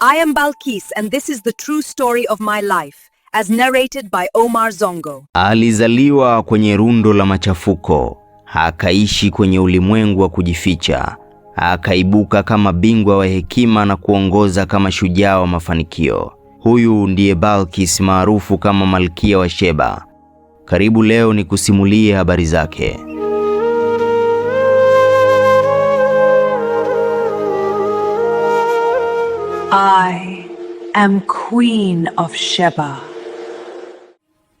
I am Balkis and this is the true story of my life as narrated by Omar Zongo. Alizaliwa kwenye rundo la machafuko, akaishi kwenye ulimwengu wa kujificha, akaibuka kama bingwa wa hekima na kuongoza kama shujaa wa mafanikio. Huyu ndiye Balkis maarufu kama Malkia wa Sheba. Karibu leo ni kusimulia habari zake. I am Queen of Sheba.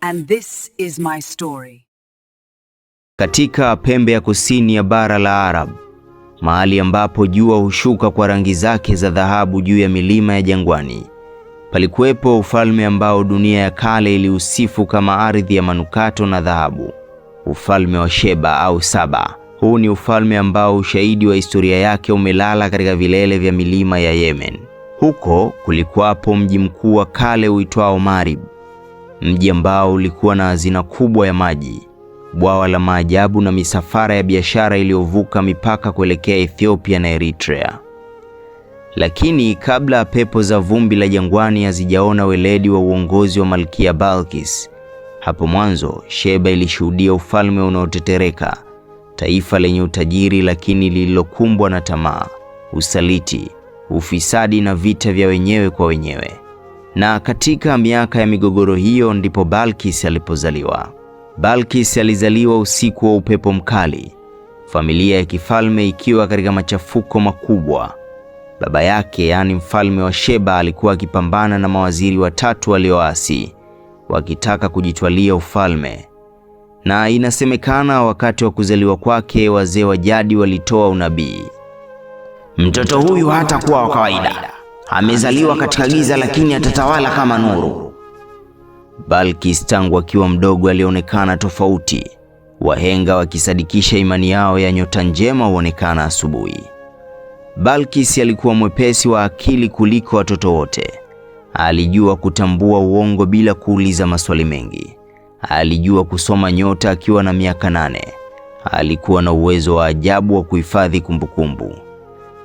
And this is my story. Katika pembe ya kusini ya bara la Arab, mahali ambapo jua hushuka kwa rangi zake za dhahabu juu ya milima ya jangwani, palikuwepo ufalme ambao dunia ya kale iliusifu kama ardhi ya manukato na dhahabu, ufalme wa Sheba au Saba. Huu ni ufalme ambao ushahidi wa historia yake umelala katika vilele vya milima ya Yemen. Huko kulikuwapo mji mkuu wa kale uitwao Marib, mji ambao ulikuwa na hazina kubwa ya maji, bwawa la maajabu na misafara ya biashara iliyovuka mipaka kuelekea Ethiopia na Eritrea. Lakini kabla pepo za vumbi la jangwani hazijaona weledi wa uongozi wa Malkia Balkis, hapo mwanzo Sheba ilishuhudia ufalme unaotetereka, taifa lenye utajiri lakini lililokumbwa na tamaa, usaliti ufisadi na vita vya wenyewe kwa wenyewe. Na katika miaka ya migogoro hiyo ndipo Balkis alipozaliwa. Balkis alizaliwa usiku wa upepo mkali, familia ya kifalme ikiwa katika machafuko makubwa. Baba yake yaani mfalme wa Sheba alikuwa akipambana na mawaziri watatu walioasi wakitaka kujitwalia ufalme. Na inasemekana wakati wa kuzaliwa kwake, wazee wa jadi walitoa unabii Mtoto huyu hatakuwa wa kawaida. Amezaliwa katika giza, lakini atatawala kama nuru. Balkis tangu akiwa mdogo alionekana tofauti. Wahenga wakisadikisha imani yao ya nyota njema huonekana asubuhi. Balkis alikuwa mwepesi wa akili kuliko watoto wote. Alijua kutambua uongo bila kuuliza maswali mengi. Alijua kusoma nyota akiwa na miaka nane. Alikuwa na uwezo wa ajabu wa kuhifadhi kumbukumbu.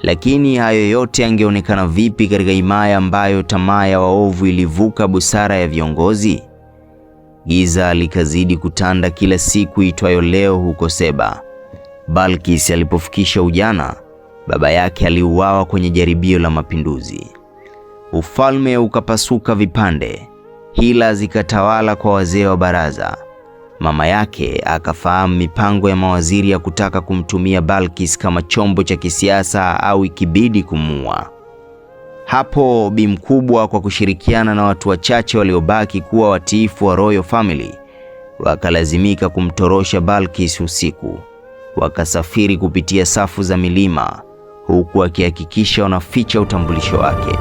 Lakini hayo yote yangeonekana vipi katika himaya ambayo tamaa ya waovu ilivuka busara ya viongozi? Giza likazidi kutanda kila siku itwayo leo huko Seba. Balkis alipofikisha ujana, baba yake aliuawa kwenye jaribio la mapinduzi. Ufalme ukapasuka vipande, hila zikatawala kwa wazee wa baraza, Mama yake akafahamu mipango ya mawaziri ya kutaka kumtumia Balkis kama chombo cha kisiasa au ikibidi kumua. Hapo Bi Mkubwa kwa kushirikiana na watu wachache waliobaki kuwa watiifu wa Royal Family wakalazimika kumtorosha Balkis usiku. Wakasafiri kupitia safu za milima huku wakihakikisha wanaficha utambulisho wake.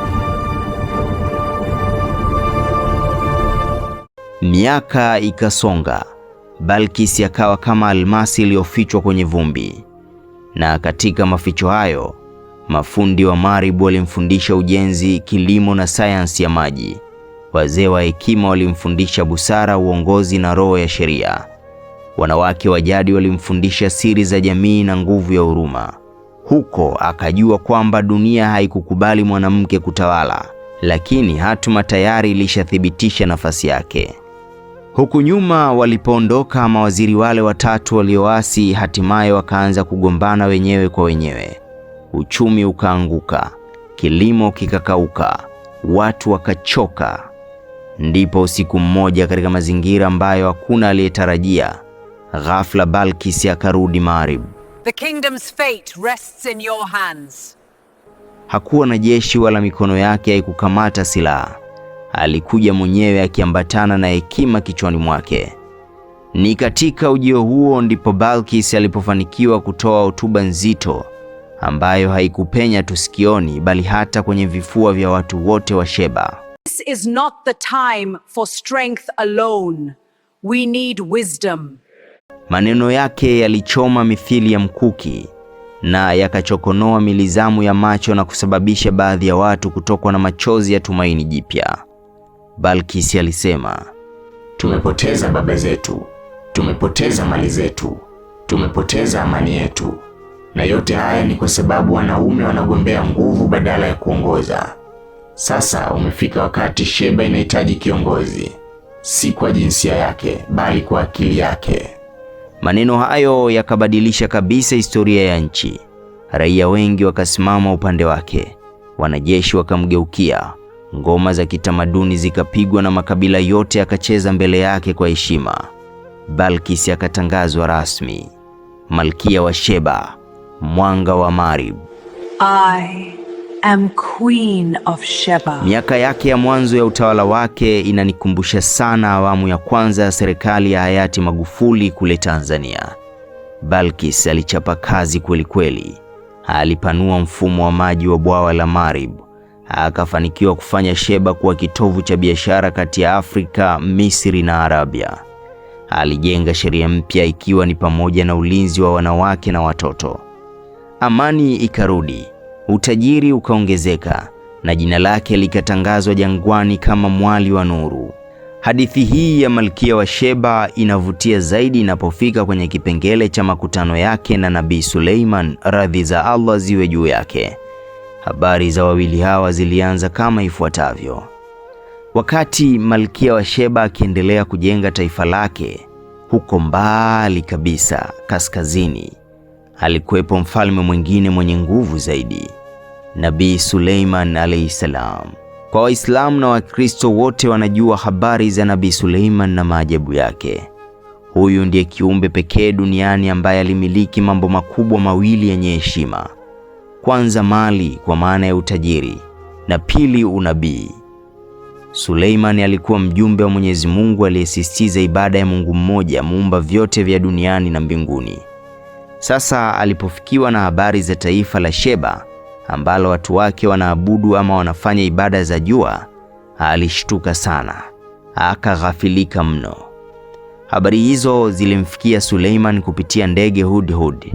Miaka ikasonga balkis akawa kama almasi iliyofichwa kwenye vumbi, na katika maficho hayo mafundi wa Maribu walimfundisha ujenzi, kilimo na sayansi ya maji. Wazee wa hekima walimfundisha busara, uongozi na roho ya sheria. Wanawake wa jadi walimfundisha siri za jamii na nguvu ya huruma. Huko akajua kwamba dunia haikukubali mwanamke kutawala, lakini hatuma tayari ilishathibitisha nafasi yake. Huku nyuma walipoondoka mawaziri wale watatu walioasi, hatimaye wakaanza kugombana wenyewe kwa wenyewe. Uchumi ukaanguka, kilimo kikakauka, watu wakachoka. Ndipo usiku mmoja, katika mazingira ambayo hakuna aliyetarajia, ghafla Balkis akarudi Marib. The kingdom's fate rests in your hands. Hakuwa na jeshi wala mikono yake haikukamata silaha alikuja mwenyewe akiambatana na hekima kichwani mwake. Ni katika ujio huo ndipo Balkis alipofanikiwa kutoa hotuba nzito ambayo haikupenya tu sikioni bali hata kwenye vifua vya watu wote wa Sheba. This is not the time for strength alone. We need wisdom. Maneno yake yalichoma mithili ya mkuki na yakachokonoa milizamu ya macho na kusababisha baadhi ya watu kutokwa na machozi ya tumaini jipya. Balkisi alisema, tumepoteza baba zetu, tumepoteza mali zetu, tumepoteza amani yetu, na yote haya ni kwa sababu wanaume wanagombea nguvu badala ya kuongoza. Sasa umefika wakati Sheba inahitaji kiongozi, si kwa jinsia yake, bali kwa akili yake. Maneno hayo yakabadilisha kabisa historia ya nchi. Raia wengi wakasimama upande wake, wanajeshi wakamgeukia, Ngoma za kitamaduni zikapigwa na makabila yote akacheza mbele yake kwa heshima. balkis akatangazwa rasmi malkia wa Sheba, mwanga wa Marib. I am queen of Sheba. Miaka yake ya mwanzo ya utawala wake inanikumbusha sana awamu ya kwanza ya serikali ya hayati Magufuli kule Tanzania. Balkis alichapa kazi kwelikweli, alipanua mfumo wa maji wa bwawa la Marib akafanikiwa kufanya Sheba kuwa kitovu cha biashara kati ya Afrika, Misri na Arabia. Alijenga sheria mpya ikiwa ni pamoja na ulinzi wa wanawake na watoto. Amani ikarudi, utajiri ukaongezeka na jina lake likatangazwa jangwani kama mwali wa nuru. Hadithi hii ya Malkia wa Sheba inavutia zaidi inapofika kwenye kipengele cha makutano yake na Nabii Suleiman, radhi za Allah ziwe juu yake. Habari za wawili hawa zilianza kama ifuatavyo. Wakati Malkia wa Sheba akiendelea kujenga taifa lake huko mbali kabisa kaskazini, alikuwepo mfalme mwingine mwenye nguvu zaidi, Nabii Suleiman alayhi salam. Kwa Waislamu na Wakristo wote wanajua habari za Nabii Suleiman na maajabu yake. Huyu ndiye kiumbe pekee duniani ambaye alimiliki mambo makubwa mawili yenye heshima. Kwanza mali kwa maana ya utajiri na pili unabii. suleiman alikuwa mjumbe wa Mwenyezi Mungu aliyesisitiza ibada ya Mungu mmoja, muumba vyote vya duniani na mbinguni. Sasa alipofikiwa na habari za taifa la Sheba ambalo watu wake wanaabudu ama wanafanya ibada za jua, alishtuka sana, akaghafilika mno. Habari hizo zilimfikia Suleiman kupitia ndege Hudhud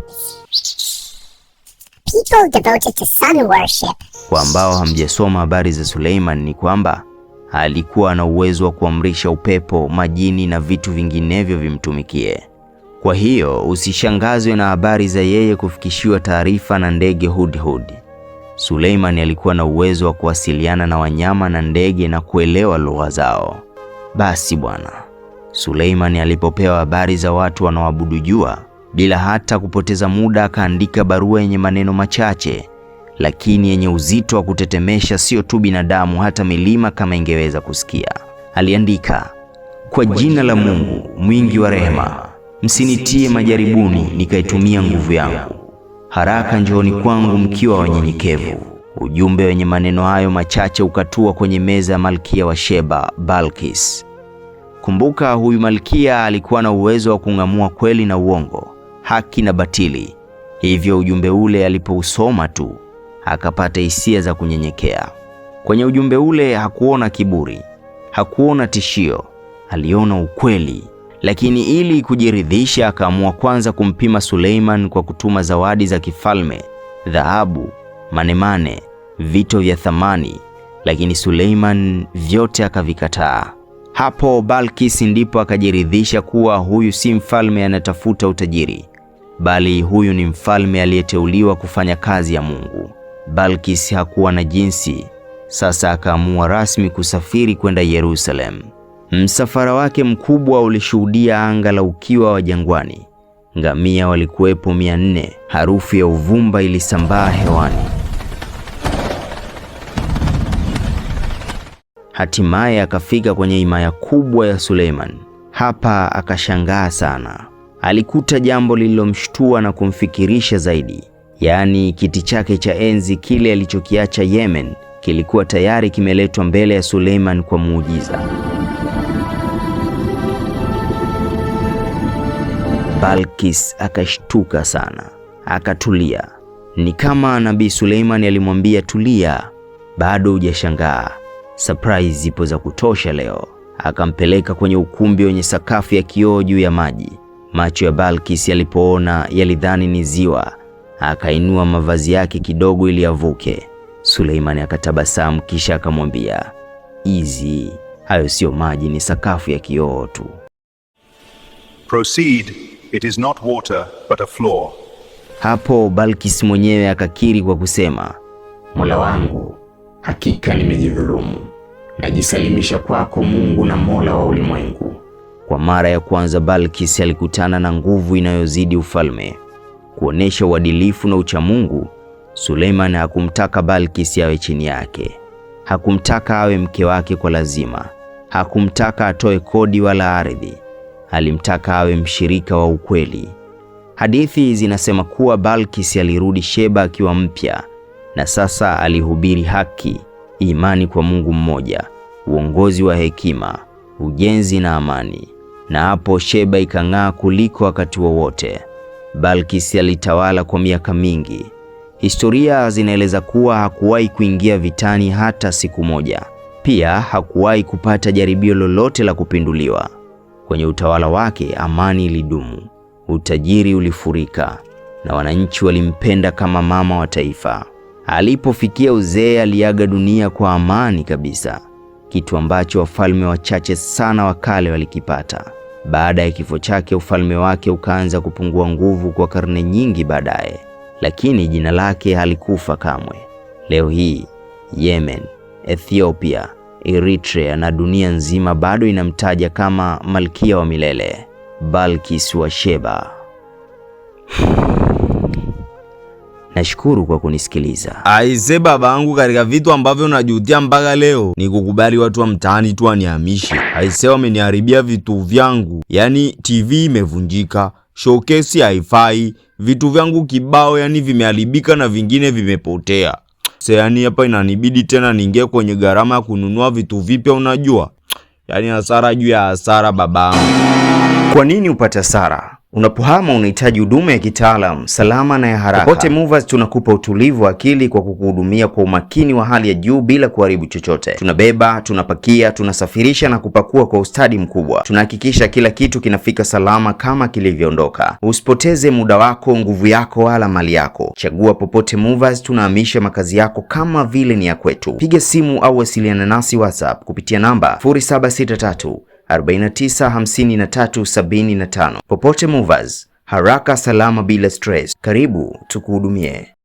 people devoted to sun worship. Kwa ambao hamjasoma habari za Suleiman ni kwamba alikuwa na uwezo wa kuamrisha upepo, majini na vitu vinginevyo vimtumikie. Kwa hiyo usishangazwe na habari za yeye kufikishiwa taarifa na ndege Hudhud. Suleiman alikuwa na uwezo wa kuwasiliana na wanyama na ndege na kuelewa lugha zao. Basi bwana, Suleiman alipopewa habari za watu wanaoabudu jua, bila hata kupoteza muda akaandika barua yenye maneno machache lakini yenye uzito wa kutetemesha sio tu binadamu, hata milima kama ingeweza kusikia. Aliandika, kwa jina la Mungu mwingi wa rehema, msinitie majaribuni nikaitumia nguvu yangu. Haraka njooni kwangu mkiwa wanyenyekevu. Ujumbe wenye maneno hayo machache ukatua kwenye meza ya malkia wa Sheba, Balkis. Kumbuka, huyu malkia alikuwa na uwezo wa kung'amua kweli na uongo haki na batili. Hivyo ujumbe ule alipousoma tu akapata hisia za kunyenyekea. Kwenye ujumbe ule hakuona kiburi, hakuona tishio, aliona ukweli. Lakini ili kujiridhisha, akaamua kwanza kumpima Suleiman kwa kutuma zawadi za kifalme, dhahabu, manemane, vito vya thamani, lakini Suleiman vyote akavikataa. Hapo Balkis ndipo akajiridhisha kuwa huyu si mfalme anatafuta utajiri, bali huyu ni mfalme aliyeteuliwa kufanya kazi ya Mungu. Balkis hakuwa na jinsi, sasa akaamua rasmi kusafiri kwenda Yerusalemu. Msafara wake mkubwa ulishuhudia anga la ukiwa wa jangwani. Ngamia walikuwepo mia nne. Harufu ya uvumba ilisambaa hewani. Hatimaye akafika kwenye himaya kubwa ya Suleiman. Hapa akashangaa sana alikuta jambo lililomshtua na kumfikirisha zaidi, yaani kiti chake cha enzi kile alichokiacha Yemen kilikuwa tayari kimeletwa mbele ya Suleiman kwa muujiza. Balkis akashtuka sana, akatulia. Ni kama Nabii Suleiman alimwambia tulia, bado hujashangaa, surprise ipo za kutosha leo. Akampeleka kwenye ukumbi wenye sakafu ya kioo juu ya maji. Macho ya Balkis yalipoona yalidhani ni ziwa, akainua mavazi yake kidogo ili avuke. Suleimani akatabasamu kisha akamwambia, izi hayo siyo maji, ni sakafu ya kioo tu. Proceed, it is not water but a floor. Hapo Balkis mwenyewe akakiri kwa kusema, Mola wangu, hakika nimejidhulumu, najisalimisha kwako Mungu na Mola wa ulimwengu. Kwa mara ya kwanza Balkis alikutana na nguvu inayozidi ufalme. Kuonesha uadilifu na uchamungu, Suleiman hakumtaka Balkis awe chini yake, hakumtaka awe mke wake kwa lazima, hakumtaka atoe kodi wala ardhi, alimtaka awe mshirika wa ukweli. Hadithi zinasema kuwa Balkis alirudi Sheba akiwa mpya, na sasa alihubiri haki, imani kwa Mungu mmoja, uongozi wa hekima, ujenzi na amani na hapo Sheba ikang'aa kuliko wakati wowote. Balkisi alitawala kwa miaka mingi. Historia zinaeleza kuwa hakuwahi kuingia vitani hata siku moja. Pia hakuwahi kupata jaribio lolote la kupinduliwa. Kwenye utawala wake amani ilidumu, utajiri ulifurika na wananchi walimpenda kama mama wa taifa. Alipofikia uzee aliaga dunia kwa amani kabisa, kitu ambacho wafalme wachache sana wa kale walikipata. Baada ya kifo chake, ufalme wake ukaanza kupungua nguvu kwa karne nyingi baadaye, lakini jina lake halikufa kamwe. Leo hii Yemen, Ethiopia, Eritrea na dunia nzima bado inamtaja kama malkia wa milele, Balkis wa Sheba. Nashukuru kwa kunisikiliza. Aise yangu, katika vitu ambavyo najutia mpaka leo ni kukubali watu wa mtaani tu wanihamishe. Aise, wameniharibia vitu vyangu, yaani TV imevunjika, showcase haifai, vitu vyangu kibao yani vimeharibika na vingine vimepotea. Sasa yani hapa inanibidi tena niingie kwenye gharama ya kununua vitu vipya, unajua, yaani hasara juu ya hasara babangu. Kwa nini upate hasara? Unapohama unahitaji huduma ya kitaalamu, salama na ya haraka. Kokote Movers tunakupa utulivu wa akili kwa kukuhudumia kwa umakini wa hali ya juu bila kuharibu chochote. Tunabeba, tunapakia, tunasafirisha na kupakua kwa ustadi mkubwa. Tunahakikisha kila kitu kinafika salama kama kilivyoondoka. Usipoteze muda wako, nguvu yako wala mali yako. Chagua Popote Movers, tunahamisha makazi yako kama vile ni ya kwetu. Piga simu au wasiliana nasi WhatsApp kupitia namba 0763 49 Popote Movers, haraka salama bila stress. Karibu tukuhudumie.